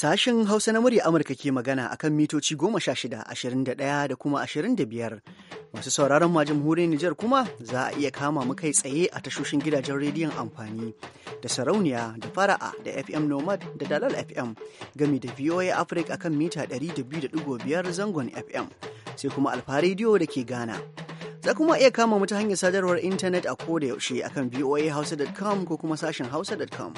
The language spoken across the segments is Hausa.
Sashen Hausa na murya Amurka ke magana a kan mitoci goma sha shida, ashirin da ɗaya da kuma ashirin da biyar. Masu sauraron ma jamhuriyar Nijar kuma za a iya kama mu kai tsaye a tashoshin gidajen rediyon amfani da sarauniya da fara'a da FM Nomad da Dalal FM gami da VOA Africa akan mita ɗari da biyu da biyar zangon FM sai kuma Alfa rediyo da ke Ghana. Za kuma iya kama mu ta hanyar sadarwar intanet a koda yaushe akan voahausa.com ko kuma sashen hausa.com.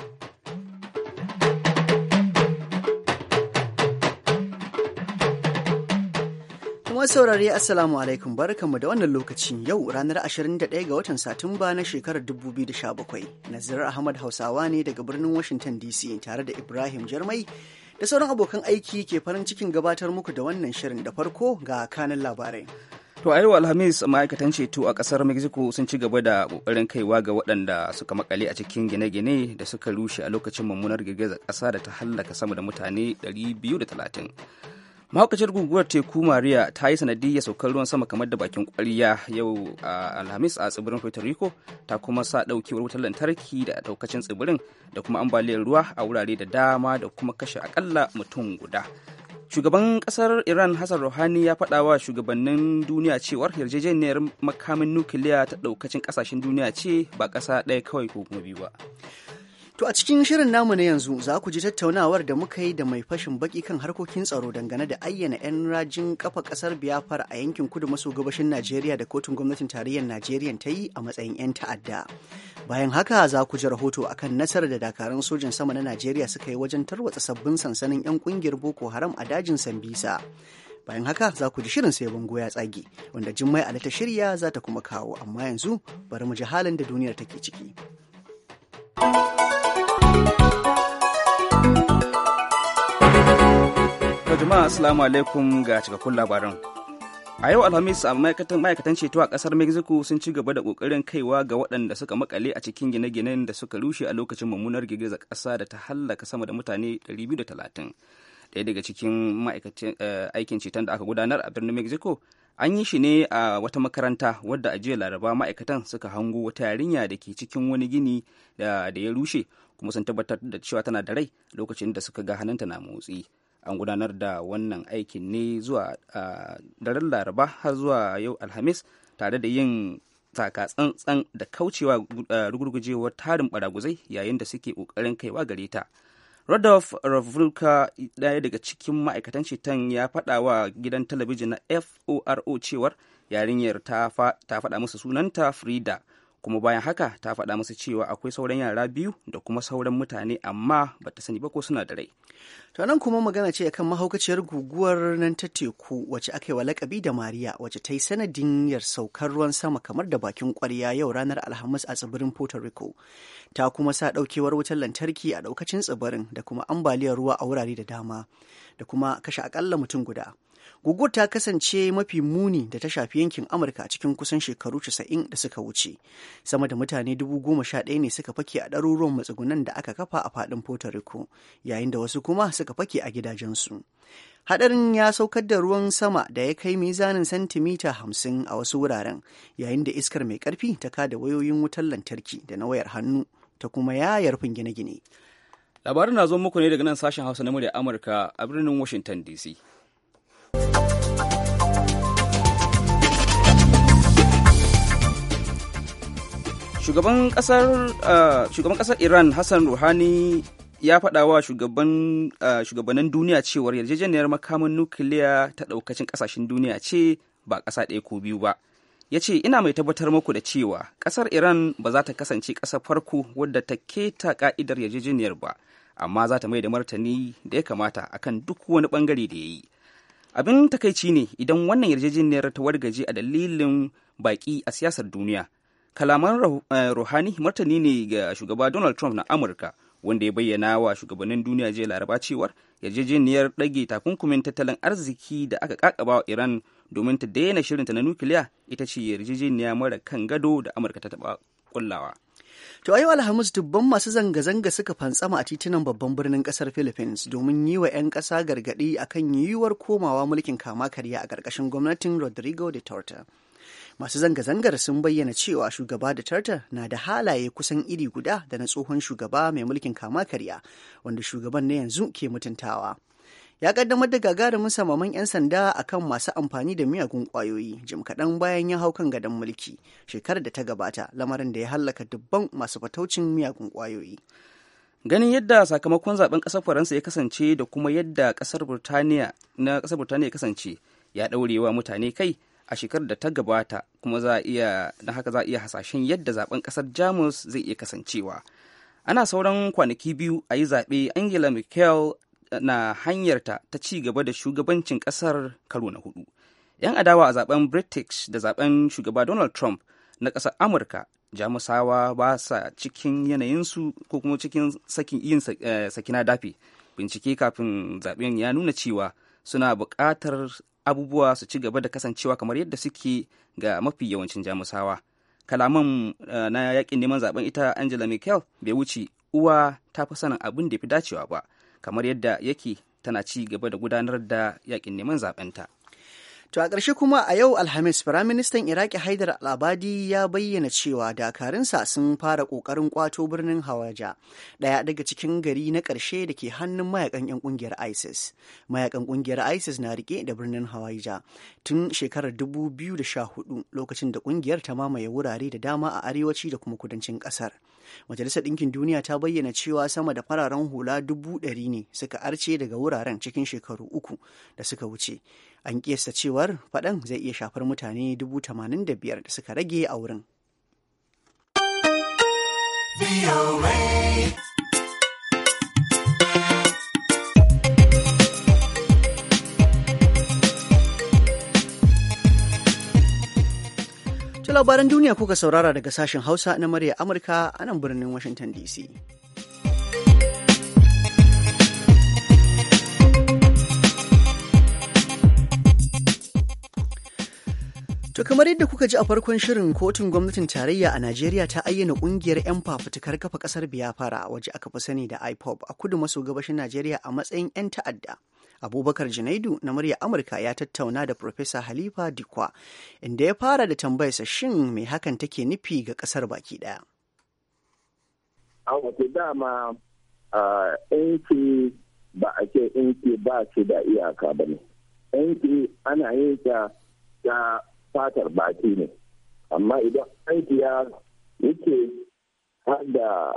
Masu saurari Assalamu alaikum barkanmu da wannan lokacin yau ranar 21 ga watan Satumba na shekarar 2017. Nazir Ahmad Hausawa ne daga birnin Washington DC tare da Ibrahim Jarmai da sauran abokan aiki ke farin cikin gabatar muku da wannan shirin da farko ga kanan labarai. To a yau Alhamis ma'aikatan ceto a kasar Mexico sun ci gaba da kokarin kaiwa ga waɗanda suka makale a cikin gine-gine da suka rushe a lokacin mummunar girgizar ƙasa da ta hallaka sama da mutane 230. mahaukacin guguwar teku maria ta yi sanadiyya saukar ruwan sama kamar da bakin kwarya yau a alhamis a tsibirin puerto rico ta kuma sa daukewar wutar lantarki da ɗaukacin tsibirin da kuma ambaliyar ruwa a wurare da dama da kuma kashe akalla mutum guda shugaban kasar iran hassan rouhani ya faɗa wa shugabannin duniya cewar yarjejeniyar makamin nukiliya ta ɗaukacin kasashen duniya ce ba ƙasa ɗaya kawai ko kuma biyu ba To a cikin shirin namu na yanzu za ku ji tattaunawar da muka yi da mai fashin baki kan harkokin tsaro dangane da ayyana 'yan rajin kafa kasar biyafar a yankin kudu maso gabashin Najeriya da kotun gwamnatin tarayyar Najeriya ta yi a matsayin 'yan ta'adda. Bayan haka za ku ji rahoto akan nasarar da dakarun sojan sama na Najeriya suka yi wajen tarwatsa sabbin sansanin 'yan kungiyar Boko Haram a dajin Sambisa. Bayan haka za ku ji shirin sai bango ya tsage wanda Jummai Ali ta shirya za ta kuma kawo amma yanzu bari mu ji halin da duniyar take ciki. thank you To jama'a assalamu alaikum ga cikakkun labaran. A yau Alhamis a ma'aikatan ceto a kasar Mexico sun ci gaba da kokarin kaiwa ga waɗanda suka makale a cikin gine-ginen da suka rushe a lokacin mummunar girgizar ƙasa da ta hallaka sama da mutane 230. Ɗaya daga cikin eh, aikin ceton da aka gudanar a birnin Mexico an yi shi ne a wata makaranta wadda a jiya laraba ma'aikatan suka hango wata yarinya da ke cikin wani gini da ya rushe kuma sun tabbatar da cewa tana da rai lokacin da suka ga hannunta na motsi. an gudanar da wannan aikin ne zuwa daren laraba har zuwa yau alhamis tare da yin tsaka tsantsan da kaucewa rugurgujewar tarin baraguzai yayin da suke kokarin kaiwa gare ta rodolf ravulka daya daga cikin ma'aikatan ceton ya faɗa wa gidan talabijin na foro cewar yarinyar ta faɗa musu sunanta frida kuma bayan haka ta faɗa musu cewa akwai sauran yara biyu da kuma sauran mutane amma ba ta sani ba ko suna da rai to nan kuma magana ce akan mahaukaciyar guguwar nan ta teku wacce aka yi wa lakabi da mariya wacce ta yi sanadin yar saukar ruwan sama kamar da bakin kwarya yau ranar alhamis a tsibirin puerto rico ta kuma sa ɗaukewar wutar lantarki a ɗaukacin tsibirin da kuma ambaliyar ruwa a wurare da dama da kuma kashe akalla mutum guda guguwar ta kasance mafi muni da ta shafi yankin amurka a cikin kusan shekaru 90 da suka wuce sama da mutane dubu goma sha ɗaya ne suka fake a ɗaruruwan matsugunan da aka kafa a faɗin puerto rico yayin da wasu kuma suka fake a gidajensu haɗarin ya saukar da ruwan sama da ya kai mizanin santimita hamsin a wasu wuraren yayin da iskar mai ƙarfi ta kada wayoyin wutar lantarki da na wayar hannu ta kuma yarfin gine-gine labarin na zo muku ne daga nan sashen hausa na murya amurka a birnin washington dc Uh, shugaban kasar iran hassan ruhani ya faɗa wa uh, shugabannin duniya cewa yarjejeniyar makamin nukiliya ta ɗaukacin ƙasashen duniya ce ba ƙasa ɗaya ko biyu ba ya ce ina mai tabbatar muku da cewa ƙasar iran ba za ta kasance ƙasar farko wadda ta keta ƙa'idar yarjejeniyar ba amma za ta mai da martani da ya kamata akan duk wani ɓangare da ya yi abin takaici ne idan wannan yarjejeniyar ta wargaje a dalilin baƙi a siyasar duniya kalaman eh, ruhani martani ne ga shugaba donald trump na amurka wanda ya bayyana wa shugabannin duniya jiya laraba cewar yarjejeniyar ɗage takunkumin tattalin arziki da aka kakaba wa iran domin ta daina shirinta na nukiliya ita ce yarjejeniya mara kan gado da amurka ta taba kullawa To a Alhamis dubban masu zanga-zanga suka fantsama a titunan babban birnin kasar Philippines domin yi wa 'yan ƙasa gargaɗi akan yiwuwar komawa mulkin kama karya a ƙarƙashin gwamnatin Rodrigo de Duterte. masu zanga-zangar sun bayyana cewa shugaba da tarta na da halaye kusan iri guda da na tsohon shugaba mai mulkin kama karya wanda shugaban na yanzu ke mutuntawa. ya kaddamar da gagarumin samaman 'yan sanda akan masu amfani da miyagun kwayoyi jim kaɗan bayan ya hau kan gadon mulki shekarar da ta gabata lamarin da ya hallaka dubban masu fataucin miyagun kwayoyi ganin yadda sakamakon zaben ƙasar faransa ya kasance da kuma yadda ƙasar burtaniya na ƙasar burtaniya ya kasance ya ɗaurewa mutane kai a shekarar da ta gabata kuma za iya na haka za a iya hasashen yadda zaben kasar jamus zai iya kasancewa ana sauran kwanaki biyu a yi zaɓe angela merkel na hanyarta ta ci gaba da shugabancin kasar karo na hudu yan adawa a zaben british da zaben shugaba donald trump na kasar amurka jamusawa ba sa cikin yanayinsu ko kuma cikin sakin yin eh, sakina dafi bincike kafin zaben ya nuna cewa suna buƙatar abubuwa su ci gaba da kasancewa kamar yadda suke ga mafi yawancin jamusawa kalaman eh, na yakin neman zaben ita angela merkel bai wuce uwa ta fi sanin abin da fi dacewa ba kamar yadda yake tana ci gaba da gudanar da yakin neman zaɓen ta To a ƙarshe kuma a yau Alhamis Firaministan Iraki Haidar alabadi ya bayyana cewa dakarunsa sun fara ƙoƙarin ƙwato birnin Hawaja, ɗaya daga cikin gari na ƙarshe da ke hannun mayakan 'yan ƙungiyar ISIS. Mayakan ƙungiyar ISIS na riƙe da birnin Hawaja tun shekarar 2014 lokacin da ƙungiyar ta mamaye wurare da dama a arewaci da kuma kudancin ƙasar. Majalisar Ɗinkin Duniya ta bayyana cewa sama da fararen hula dubu ɗari ne suka arce daga wuraren cikin shekaru uku da suka wuce. An kiyasta cewar faɗan zai iya shafar mutane dubu tamanin da biyar da suka rage a wurin. To labaran duniya kuka saurara daga sashen Hausa na murya Amurka a nan birnin Washington DC. To kamar yadda kuka ji a farkon shirin kotun gwamnatin tarayya a Najeriya ta ayyana kungiyar 'yan fafutukar kafa kasar Biafra waje aka fi sani da IPOB a kudu maso gabashin Najeriya a matsayin 'yan ta'adda. abubakar janaidu na murya amurka ya tattauna da profesa halifa dikwa inda ya fara da tambayarsa shin mai hakan take nufi ga kasar baki daya a wato dama yanki ba a ce yanki ba su da iyaka ba ne yanki ana yin ta ta fatar baki ne amma idan aiki ya yake har da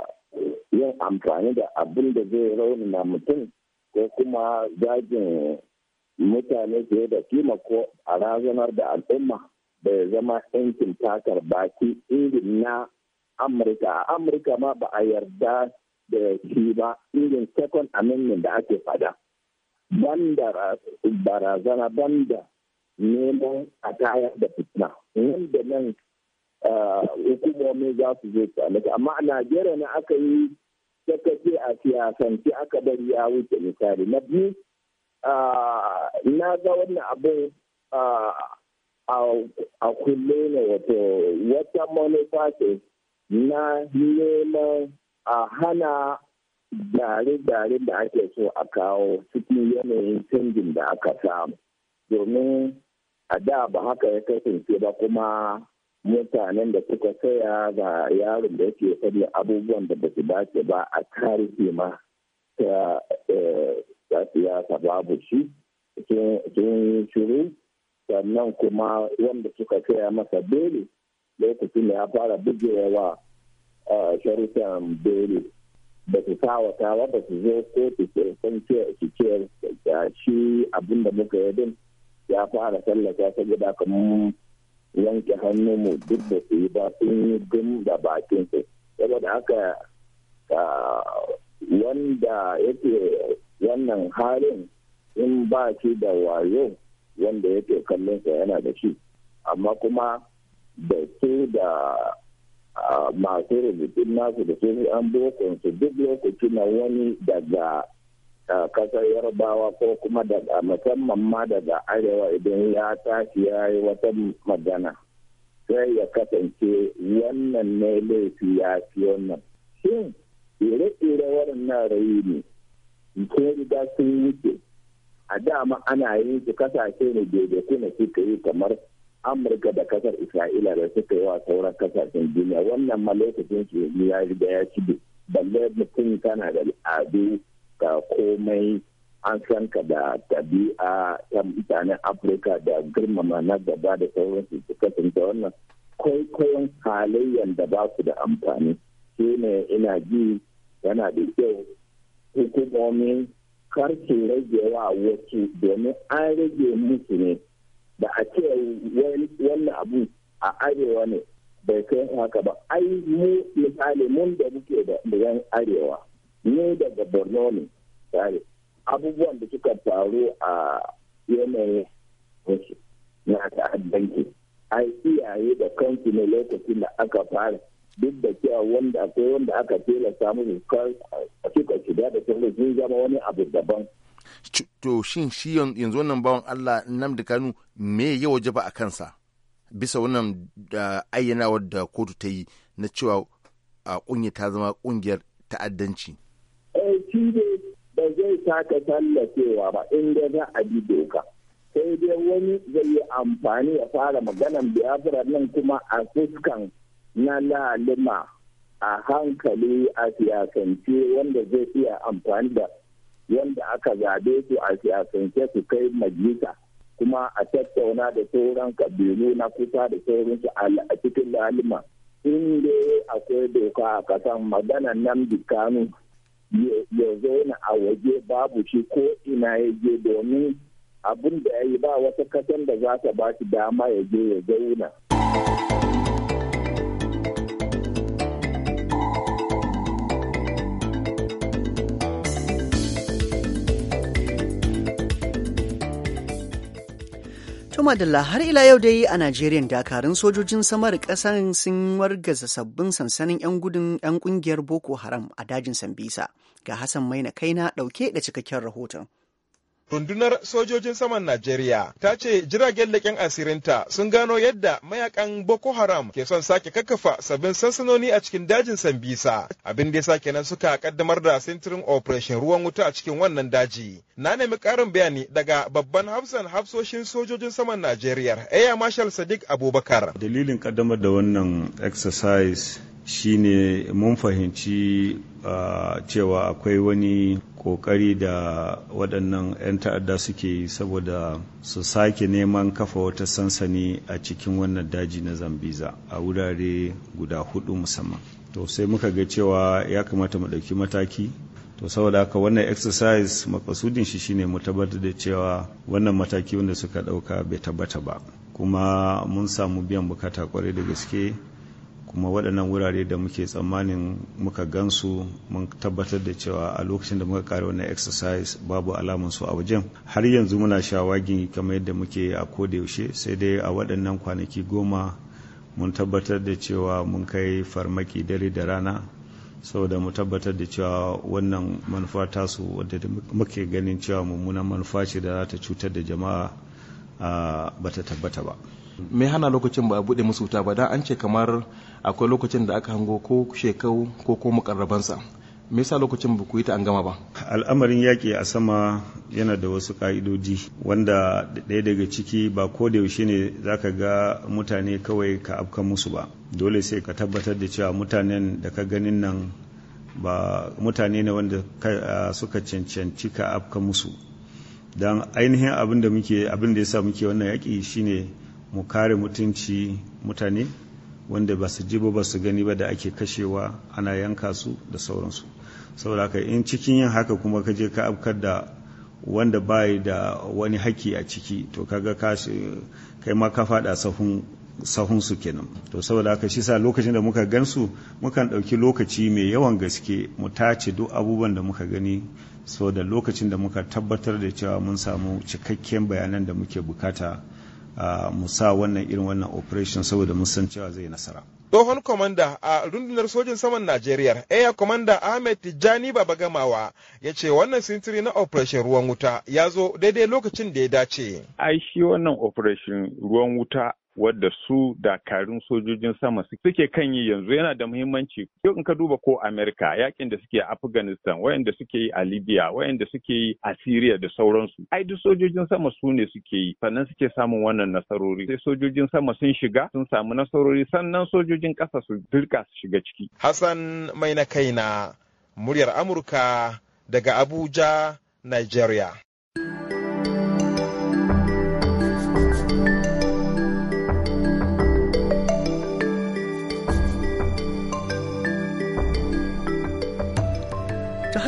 yin amfani da abin da zai na mutum ko kuma zagin mutane fiye da kima ko a razanar da al'umma bai zama yankin takar baki irin na amurka a amurka ma ba a yarda da shi ba irin second amendment da ake fada banda barazana banda neman a tayar da fitina wanda nan eh, hukumomi za su zo tsanaka amma a najeriya ne aka yi ta ce a siyasance aka bari ya wuce misali na biyu na ga wannan abin a kulle ne wato wata manufa na neman a hana dare-dare da ake so a kawo cikin yanayin canjin da aka samu domin a da ba haka ya kasance ba kuma mutanen da suka saya ga yaron da yake faɗi abubuwan da basu su dace ba a tarihi ma ta eh, siyasa babu shi sun shiru sannan kuma wanda suka saya masa beli lokacin da ya fara bugewa eh, sharutan beli ba su sawatawa ba su zo ko su ce eh, shi abinda muka yi din ya fara tallata ta gida kamar yanke wanke mu duk da su yi ba sun yi gum da bakin su saboda haka wanda yake wannan halin in ba shi da wayo wanda yake kallon sa yana da shi amma kuma da su da masu rubutun nasu da su an bokon su duk lokacin na wani daga a kasar yarbawa ko kuma daga musamman ma daga arewa idan ya tashi ya yi wata magana sai ya kasance wannan ne laifi ya fi wannan shin ire-ire waɗannan rayu ne sun riga sun wuce a dama ana yin su kasashe ne daidaiku na suka yi kamar amurka da kasar isra'ila da suka yi wa sauran kasashen duniya wannan ma lokacin su ya riga ya ci balle mutum tana da al'adu ga komai an san ka da tabi'a ta mutanen afirka da girmama na gaba da sauransu su kasance wannan kwaikwayon halayyar da ba su da amfani shi ne ina ji yana da kyau hukumomin kar su rage wa wasu domin an rage musu ne da a ce wannan abu a arewa ne bai kai haka ba ai mu misali mun da muke da yan arewa ni daga borno ne abubuwan da suka faru a yanayin wasu na ta'addanci ai iyaye da kansu ne lokacin da aka fara duk da cewa wanda akwai wanda aka tilasta a suka shiga da sauran sun zama wani abu daban to shin shi yanzu wannan bawan Allah Nnamdi Kanu me ya waje ba a kansa bisa wannan ayyana da kotu ta yi na cewa a kunya ta zama kungiyar ta'addanci shi ne ba zai taka tallafewa ba inda za a bi doka sai dai wani zai yi amfani ya fara maganan biyafra nan kuma a fuskan na lalima a hankali a siyasance wanda zai iya amfani da wanda aka zabe su a siyasance su kai majalisa kuma a tattauna da sauran kabilu na kusa da sauransu a cikin lalima in dai akwai doka a kasan maganan nan bikanu ya zauna a waje babu shi ko ina ya je domin abin da ya yi ba wata kasan da za ta ba shi dama ya je ya zauna madalla har ila yau dai a Najeriya dakarun sojojin samar kasan sun wargaza sabbin sansanin 'yan gudun 'yan kungiyar Boko Haram a dajin Sambisa. Ga Hassan Maina kaina ɗauke da cikakken rahoton. Rundunar sojojin saman Najeriya ta ce jiragen leƙen asirinta sun gano yadda mayakan Boko Haram ke son sake kakkafa sabbin sansanoni a cikin dajin Sambisa. Abin da ya sake nan suka kaddamar da sintirin operation ruwan wuta a cikin wannan daji. Na nemi ƙarin bayani daga babban hafsan hafsoshin sojojin saman Najeriya, Air Marshal Sadiq Abubakar. Dalilin kaddamar da wannan exercise shine mun fahimci cewa akwai wani kokari da waɗannan 'yan ta'adda suke yi saboda su sake neman kafa wata sansani a cikin wannan daji na zambiza a wurare guda hudu musamman to sai muka ga cewa ya kamata mu ɗauki mataki to saboda haka wannan exercise makasudin shi shine mu tabbatar da cewa wannan mataki wanda suka ɗauka bai tabbata ba kuma mun samu biyan bukata kwarai da gaske kuma waɗannan wurare da muke tsammanin muka gansu mun tabbatar da cewa a lokacin da muka kare wannan exercise babu alamun su a wajen har yanzu muna shawagi kamar yadda muke a yaushe sai dai a waɗannan kwanaki goma mun tabbatar da cewa mun kai farmaki dare da rana saboda mu tabbatar da cewa wannan manufa tasu wadda muke ganin cewa mummunan manufa ce da za ta cutar da jama'a ba ta tabbata ba. me hana lokacin ba a bude musu wuta ba dan an ce kamar akwai lokacin da aka hango ko shekau ko ko mukarrabansa me yasa lokacin ba ku yi ta an gama ba al'amarin yaƙi a sama yana da wasu ƙa'idoji wanda ɗaya daga ciki ba ko da yaushe ne zaka ga mutane kawai ka afka musu ba dole sai ka tabbatar da cewa mutanen da ka ganin nan ba mutane ne wanda suka cancanci ka afka musu don ainihin abin da muke abin da yasa muke wannan yaƙi shine mu kare mutunci mutane wanda ba su ji ba su gani ba da ake kashewa ana yanka su da sauransu saboda haka in cikin yin haka kuma ka je ka abkar da wanda ba da wani haki a ciki to kaga kai ma ka fada sahun sahunsu kenan to saboda haka shi sa lokacin da muka gansu mukan ɗauki lokaci mai yawan gaske mu tace duk abubuwan da muka gani so lokacin da muka tabbatar da cewa mun samu cikakken bayanan da muke bukata mu sa wannan irin wannan operation saboda san cewa zai nasara tsohon kwamanda a rundunar sojin saman najeriya air kwamanda ahmed tijjani baba gamawa ya ce wannan sintiri na operation ruwan wuta ya zo daidai lokacin da ya dace ai shi wannan operation ruwan wuta wadda su dakarun sojojin sama suke kan yi yanzu yana da muhimmanci yau in ka duba ko amerika yakin da suke a afghanistan wayanda suke yi a libya wayanda suke yi a syria da sauransu ai duk sojojin sama su ne suke yi sannan suke samun wannan nasarori sai sojojin sama sun shiga sun samu nasarori sannan sojojin ƙasa su dirka su shiga ciki hassan mai na kai na muryar amurka daga abuja nigeria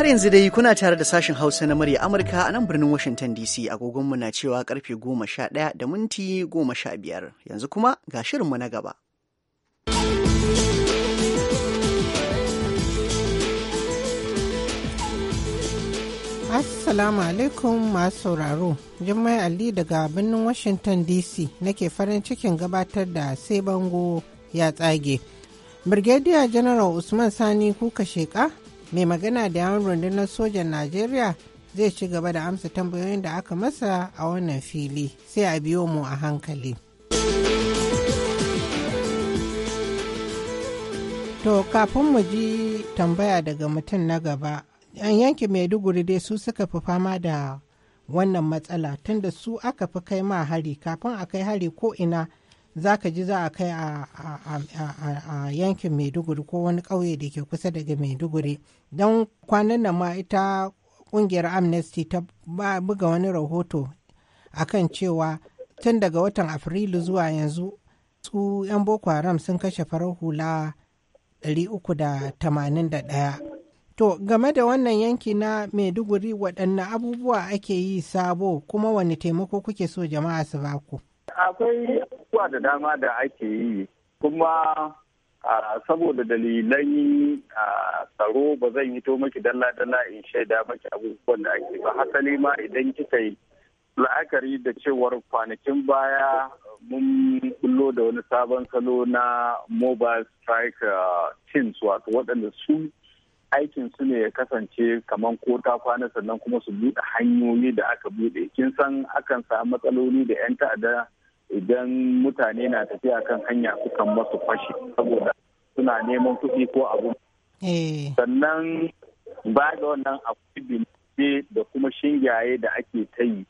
yanzu dai kuna tare da sashen Hausa na murya Amurka a nan birnin Washington DC agogonmu na cewa karfe goma sha ɗaya da minti goma sha biyar. Yanzu kuma ga shirinmu na gaba. Assalamu alaikum masu sauraro, Jummai Ali daga birnin Washington DC nake farin cikin gabatar da sai bango ya tsage. Brigadier General Usman Sani kuka sheka mai magana da yawan rundunar sojan najeriya zai ci gaba da amsa tambayoyin da aka masa a wannan fili sai a biyo mu a hankali to kafin mu ji tambaya daga mutum na gaba yan yanki maiduguri dai su suka fi fama da wannan matsala tunda su aka fi kai ma hari kafin a kai hari ko ina za ka ji za a kai a yankin maiduguri ko wani ƙauye da ke kusa daga maiduguri don kwanan nan ma ita ƙungiyar amnesty ta buga wani rahoto a kan cewa tun daga watan afrilu zuwa yanzu su 'yan boko haram sun kashe farar hula 381 To game da wannan yanki na Maiduguri waɗanne abubuwa ake yi sabo kuma wani taimako kuke so jama'a su baku? akwai abubuwa da dama da ake yi kuma saboda dalilan tsaro ba zan yi to maki dalla-dalla in shaida maki abubuwan da ake ba hasali ma idan kika yi la'akari da cewar kwanakin baya mun kullo da wani sabon salo na mobile strike teams wato waɗanda su aikin su ne ya kasance kamar ko ta kwana sannan kuma su buɗe hanyoyi da aka buɗe kin san akan samu matsaloli da 'yan ta'adda idan mutane na tafiya kan hanya sukan masu fashi saboda suna neman kuɗi ko abu eh. sannan ba da wannan akwai bincike da kuma shingaye da ake ta yi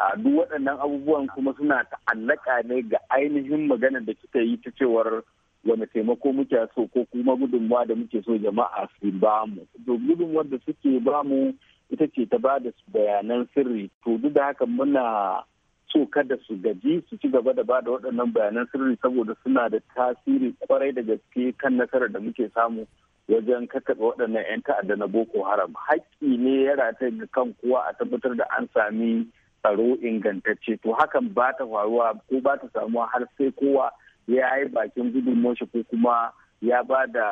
a duk waɗannan abubuwan kuma suna ta'allaka ne ga ainihin magana da kika yi ta cewar wani taimako muke so ko kuma gudunmawa da muke so jama'a su ba mu to gudunmawar da suke ba mu ita ce ta ba da bayanan sirri to duk da haka muna so kada su gaji su ci gaba da bada waɗannan bayanan sirri saboda suna da tasiri kwarai da gaske kan nasarar da muke samu wajen kakkaɓe waɗannan 'yan ta'adda na boko haram haƙƙi ne ya rata ga kan kowa a tabbatar da an sami tsaro ingantacce to hakan ba ta faruwa ko ba ta samuwa har sai kowa ya yi bakin gudunmuwar shi ko kuma ya ba da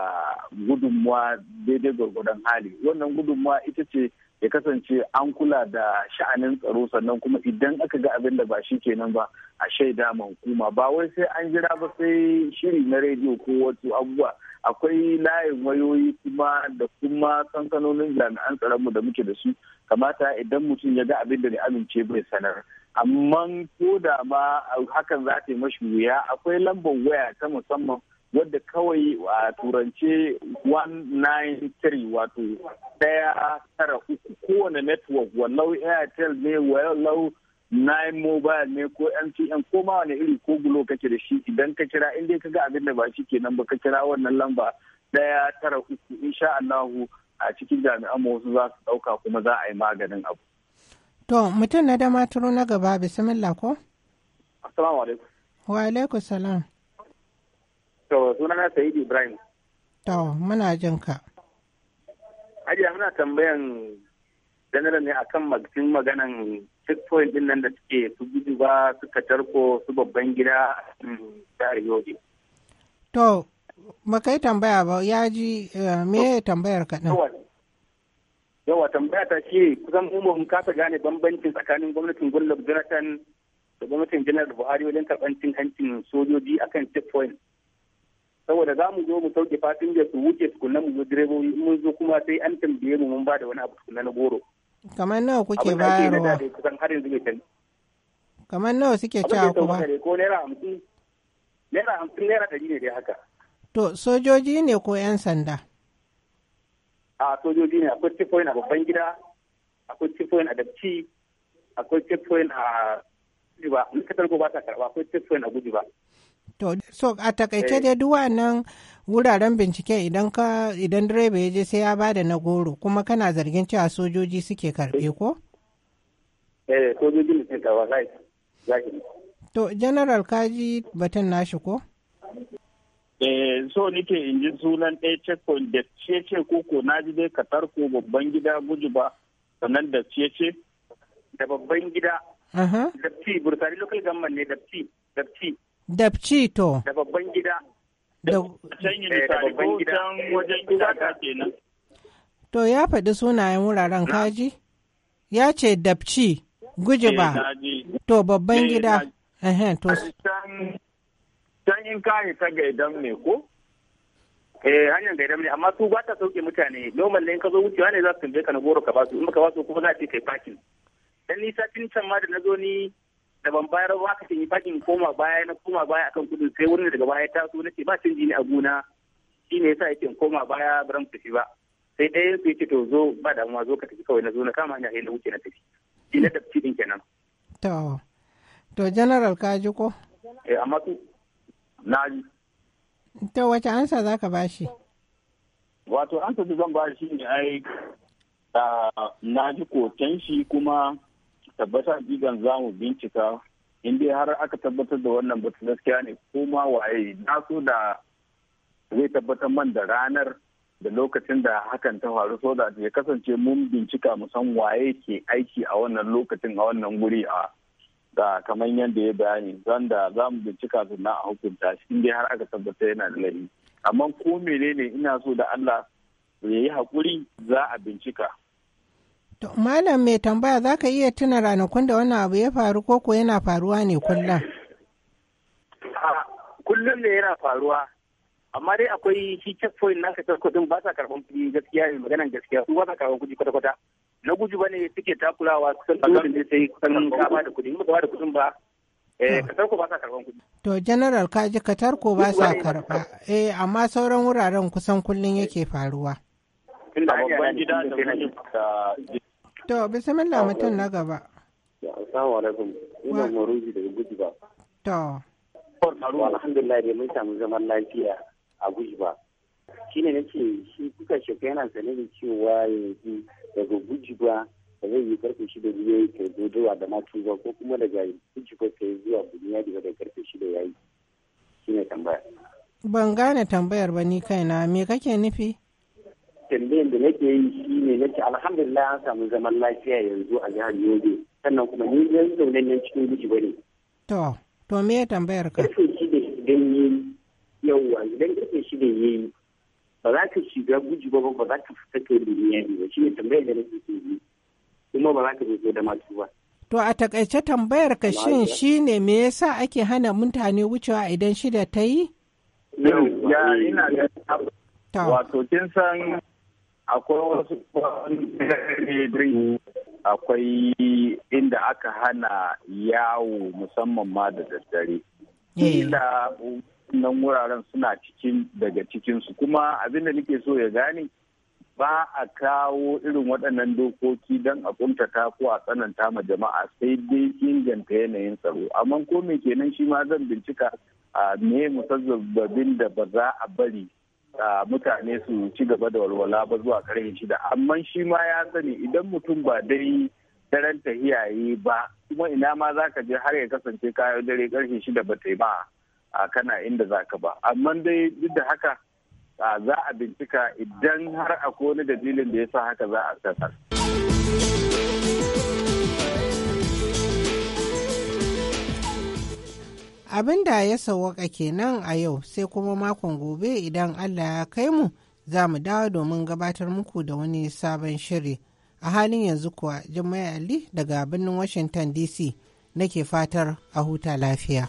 gudunmuwa daidai gwargwadon hali wannan gudunmuwa ita ce ya kasance an kula da sha'anin tsaro sannan kuma idan aka ga abin da ba shi kenan ba a shaida ma kuma ba wai sai an jira ba sai shiri na rediyo ko wasu abubuwa akwai layin wayoyi kuma da kuma sansanonin jami'an tsaron mu da muke da su kamata idan mutum ya ga abin da ne amince bai sanar amma ko da ma hakan za ta yi mashi wuya akwai lambar waya ta musamman wadda kawai a turance 193 wato daya tara uku kowane network wallau airtel ne wallau nine mobile ne ko mtn ko ma wani iri ko gulo kake da shi idan ka kira inda ka ga abin da ba shi kenan ba ka kira wannan lamba daya tara uku insha Allahu a cikin jami'an wasu za su dauka kuma za a yi maganin abu. To mutum na da maturu na gaba bisimillah ko? Assalamu alaikum. Wa alaikum salam. To sunana Sa'id Ibrahim. To muna jin ka. Hajiya muna tambayan general ne akan magcin maganan checkpoint din nan da suke su gudu ba suka tarko su babban gida jihar Yobe. To makai tambaya ba ya ji eh, me tambayar kaɗan. din. Yawa tambaya ta ce kusan umar mun kasa gane bambancin tsakanin gwamnatin Goodluck Jonathan da gwamnatin Janar Buhari wajen karɓar cin hancin sojoji akan checkpoint. saboda za mu zo mu sauke fasinja su wuce tukunna mu zo direbobi mun zo kuma sai an tambaye mu mun ba da wani abu tukunna na goro kamar nawa kuke bayarwa kusan har yanzu bai canza kamar nawa suke cewa kuma ko naira hamsin naira hamsin naira ɗari ne dai haka to sojoji ne ko yan sanda a sojoji ne akwai checkpoint a babban gida akwai checkpoint a dabci akwai checkpoint a guji ba in ka ba ta karba akwai checkpoint a guji ba To, so a takaice eh. dai duk wannan wuraren bincike idan ka idan direba ya je sai ya bada na goro kuma kana zargin cewa sojoji suke karbe ko? Eh, sojoji ne ta karba sai. To, General Kaji batun nashi ko? Eh, so nike in ji sunan ɗaya checkpoint da cece koko na ji dai ka tarko babban gida guji ba sannan da cece da babban gida da fi burtari local gamman ne da fi da fi Dabci to. Da babban gida. Da eh, babban gida. wajen gida ka To ya faɗi sunayen wuraren kaji? Ya ce Dabci, Gujiba, eh, to babban eh, gida. Can in kayi ta gaidan ne ko? eh hanyar gaidan ne amma su ba ta sauke mutane normal ne in ka zo wucewa ne za su tambaye ka na goro ka basu in ba su kuma za a ce kai parking dan ni satin can ma da na zo ni da ban bayar ba ka yi fakin koma baya na koma baya akan kudin sai wani daga baya taso na ce ba cin jini a gona shi ne yasa yake koma baya baran tafi ba sai dai su yake to zo ba damuwa zo ka tafi kawai na zo na kama hanya a na wuce na tafi shi na tafi din kenan to to general ka ji ko eh amma ku na ji to wace ansa zaka bashi wato ansa da zan bashi ne ai ah, na ji ko shi kuma tabbatar jigan za mu bincika inda har aka tabbatar da wannan batu gaskiya ne kuma waye na so da zai tabbatar man da ranar da lokacin da hakan ta faru so da ya kasance mun bincika mu san waye ke aiki a wannan lokacin a wannan guri a da kamar yadda ya bayani zan da za mu bincika na a hukunta shi in har aka tabbatar yana da laifi amma ko menene ina so da Allah ya yi hakuri za a bincika Malam mai tambaya za ka iya tuna ranakun da wannan abu ya faru ko ko yana faruwa ne kullum? Kullum ne yana faruwa. Amma dai akwai shi checkpoint na kasar kudin ba sa karɓar kuɗi gaskiya ne maganan gaskiya su ba sa karɓar kuɗi kwata-kwata. Na guji ba ne suke takulawa kusan dole ne sai kusan kama da kuɗi. In ba da kuɗin ba eh, Katarko ba sa karban kuɗi. To General ka Kaji Katarko ba sa karɓa. Eh amma sauran wuraren kusan kullum yake faruwa. Tunda babban gida da To, bismillah mutum na gaba. Assalamu alaikum. Ina Maruji daga Guji ba. To. Faru alhamdulillah dai mun samu zaman lafiya a Guji ba. Shi ne na ce shi kuka shaka yana sane da cewa yanzu daga Guji ba da zai yi karfe shida ne yayi kai dodowa da matu ba ko kuma daga Guji ba kai zuwa Bunyadi ba da karfe shida yayi. Shi ne tambaya. Ban gane tambayar ba ni kaina me kake nufi? tambayan da nake yi shi ne na ce alhamdulillah an samu zaman lafiya yanzu a jihar yobe sannan kuma ni zan zaune nan cikin guji ba ne. to to me ya tambayar ka. shi da idan ya yi yawwa idan karfe shi da yi ba za ka shiga guji ba ba za ka fita kai duniya ne ba shi ne tambayar da nake ke yi kuma ba za ka zo da masu ba. To a takaice tambayar ka shin shi ne me yasa ake hana mutane wucewa idan shida ta yi? Ya ina da wato kin san akwai wasu akwai inda aka hana yawo musamman ma da daddare. Kila eh. nan wuraren suna cikin daga cikinsu kuma abin da nake so ya gane ba a kawo irin waɗannan dokoki don a kuntata ko a tsananta ma jama'a sai dai inganta yanayin tsaro amma ko me kenan shi ma zan bincika a me musabbabin da ba za a bari mutane su ci gaba da walwala ba zuwa karfe shida amma shi ma ya sani idan mutum ba dai daren ta iyaye ba kuma ina ma za ka je har ya kasance kayan dare karfe shida ba ta yi ba a kana inda za ka ba amma dai duk da haka za a bincika idan har akwai wani dalilin da ya sa haka za a sanar. abin da ya sauwaka kenan a yau sai kuma makon gobe idan allah ya kai mu za mu dawo domin gabatar muku da wani sabon shiri a halin yanzu kuwa jimai ali daga birnin washington dc nake fatar a huta lafiya.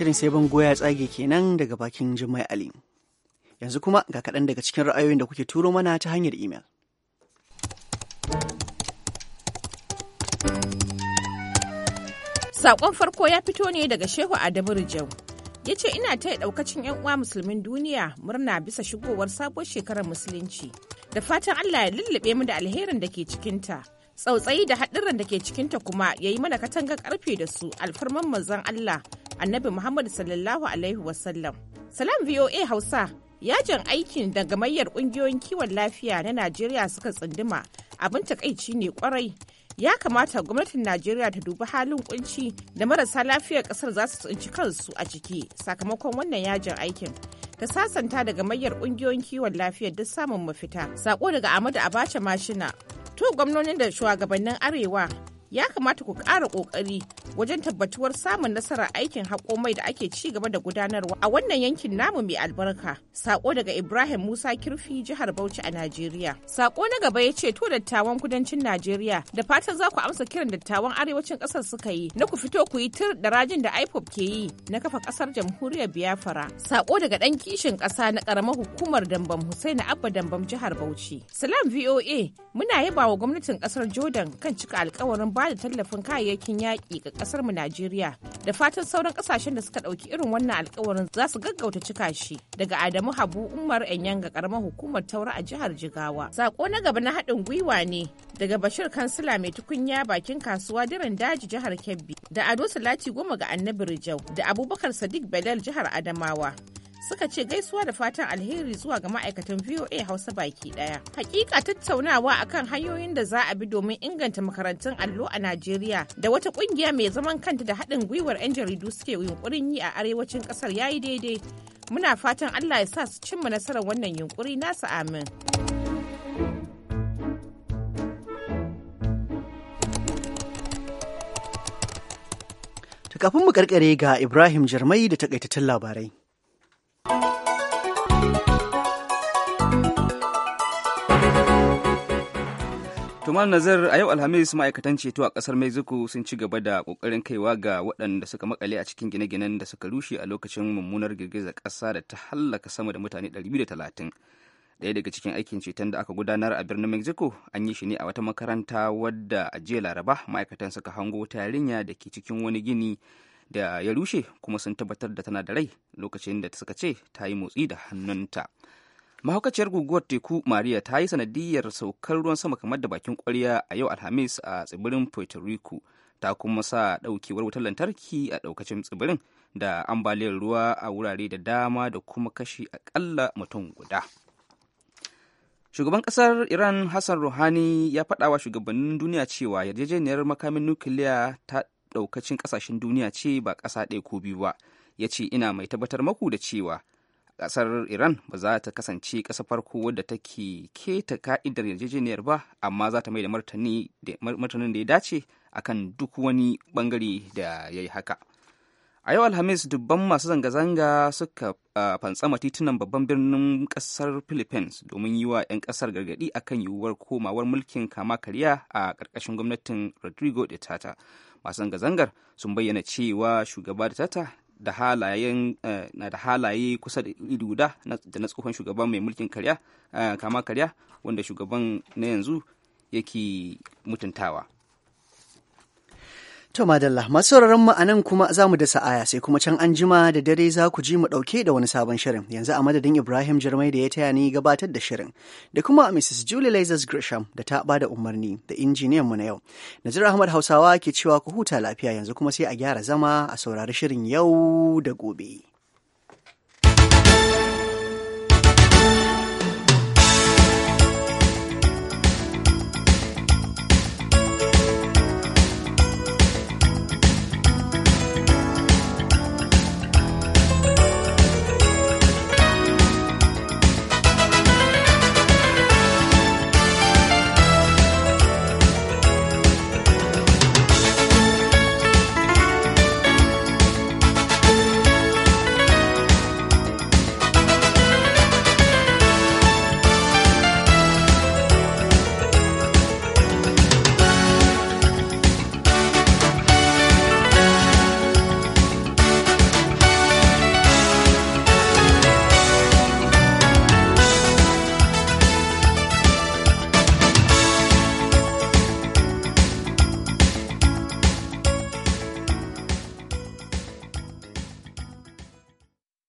Shirin sai bango ya tsage kenan daga bakin jima'i Ali. Yanzu kuma ga kaɗan daga cikin ra'ayoyin da kuke turo mana ta hanyar imel. Saƙon farko ya fito ne daga Shehu Adamu Rijau. Ya ce ina taya ɗaukacin 'yan uwa musulmin duniya murna bisa shigowar sabon shekarar musulunci. Da fatan Allah ya lullube mu da alherin da ke cikinta. Tsautsayi da haɗurran da ke cikinta kuma ya yi mana katangar ƙarfe da su alfarman manzon Allah annabi Muhammad sallallahu Alaihi wasallam. Salam VOA Hausa yajin aikin da gamayyar ƙungiyoyin kiwon lafiya na Najeriya suka tsunduma abin takaici ne kwarai. Ya kamata gwamnatin Najeriya ta dubi halin kunci da marasa lafiyar ƙasar za su tsinci kansu a ciki sakamakon wannan yajin aikin. ta sasanta daga mayar ƙungiyoyin kiwon lafiyar duk samun mafita. Sako daga Ahmadu Abacha Mashina. To gwamnonin da shugabannin Arewa ya kamata ku ƙara ƙoƙari wajen tabbatuwar samun nasara aikin haƙo mai da ake ci gaba da gudanarwa a wannan yankin namu mai albarka. Sako daga Ibrahim Musa Kirfi jihar Bauchi a Najeriya. Sako na gaba ya ce to dattawan kudancin Najeriya da fatan za ku amsa kiran dattawan arewacin ƙasar suka yi na ku fito ku yi tur da rajin da IPOP ke yi na kafa ƙasar jamhuriyar Biafra. Sako daga ɗan kishin ƙasa na ƙaramar hukumar Dambam Husaini Abba Dambam jihar Bauchi. Salam VOA muna yaba wa gwamnatin ƙasar Jordan kan cika alkawarin ba da tallafin kayayyakin yaƙi ga ƙasar mu Najeriya. Da fatan sauran ƙasashen da suka ɗauki irin wannan alƙawarin za su gaggauta cika shi. Daga Adamu Habu Umar Enyanga ƙaramar hukumar Taura a jihar Jigawa. Sako na gaba na haɗin gwiwa ne daga Bashir Kansila mai tukunya bakin kasuwa diren daji jihar Kebbi da Ado Salati goma ga Annabi Rijau da Abubakar Sadiq Belal jihar Adamawa. suka ce gaisuwa da fatan alheri zuwa ga ma'aikatan VOA Hausa baki daya. Hakika tattaunawa akan hanyoyin da za a bi domin inganta makarantun allo a Najeriya da wata kungiya mai zaman kanta da haɗin gwiwar 'yan jaridu suke yunkurin yi a arewacin ƙasar yayi daidai. Muna fatan Allah ya sa su cimma nasarar wannan yunkuri nasu amin. kafin mu karkare ga Ibrahim Jarmai da takaitattun labarai. Tumar Nazar a yau Alhamis ma'aikatan ceto a ƙasar Mexico sun ci gaba da ƙoƙarin kaiwa ga waɗanda suka makale a cikin gine-ginen da suka rushe a lokacin mummunar girgizar ƙasa da ta hallaka sama da mutane 230. Ɗaya daga cikin aikin ceton da aka gudanar a birnin Mexico an yi shi ne a wata makaranta wadda a jiya Laraba ma'aikatan suka hango ta yarinya da ke cikin wani gini da ya rushe kuma sun tabbatar da tana da rai lokacin da ta suka ce ta yi motsi da hannunta mahaukaciyar guguwar teku maria ta yi sanadiyar saukar ruwan sama kamar da bakin kwarya a yau alhamis a tsibirin puerto rico ta kuma sa daukewar wutar lantarki a daukacin tsibirin da ambaliyar ruwa a wurare da dama da kuma kashi akalla mutum guda shugaban kasar iran hassan ruhani ya faɗa wa shugabannin duniya cewa yarjejeniyar makamin nukiliya ta daukacin kasashen duniya ce ba ƙasa ɗaya ko biyu ba ya ce ina mai tabbatar maku da cewa ƙasar iran ba za ta kasance ƙasa farko wadda take keta ka'idar yarjejeniyar ba amma za ta mai da martanin da ya dace akan duk wani bangare da ya yi haka a yau alhamis dubban masu zanga-zanga suka fantsama titunan babban birnin kasar philippines domin yi wa 'yan kasar gargadi akan yiwuwar komawar mulkin kama karya a ƙarƙashin gwamnatin rodrigo de tata masu zanga-zangar sun bayyana cewa shugaba da tata da halayen eh, na da halaye kusa da iduda da na tsohon shugaban mai mulkin karya eh, kama karya wanda shugaban na yanzu yake mutuntawa To madalla masu sauraron mu anan kuma za mu da sa'aya sai kuma can an jima da dare za ku ji mu ɗauke da wani sabon shirin yanzu a madadin Ibrahim Jarmai da ya taya ni gabatar da shirin da kuma Mrs. Julie Lazarus Grisham da ta bada umarni da injiniyan mu na yau. Nazir Ahmad Hausawa ke cewa ku huta lafiya yanzu kuma sai a gyara zama a saurari shirin yau da gobe.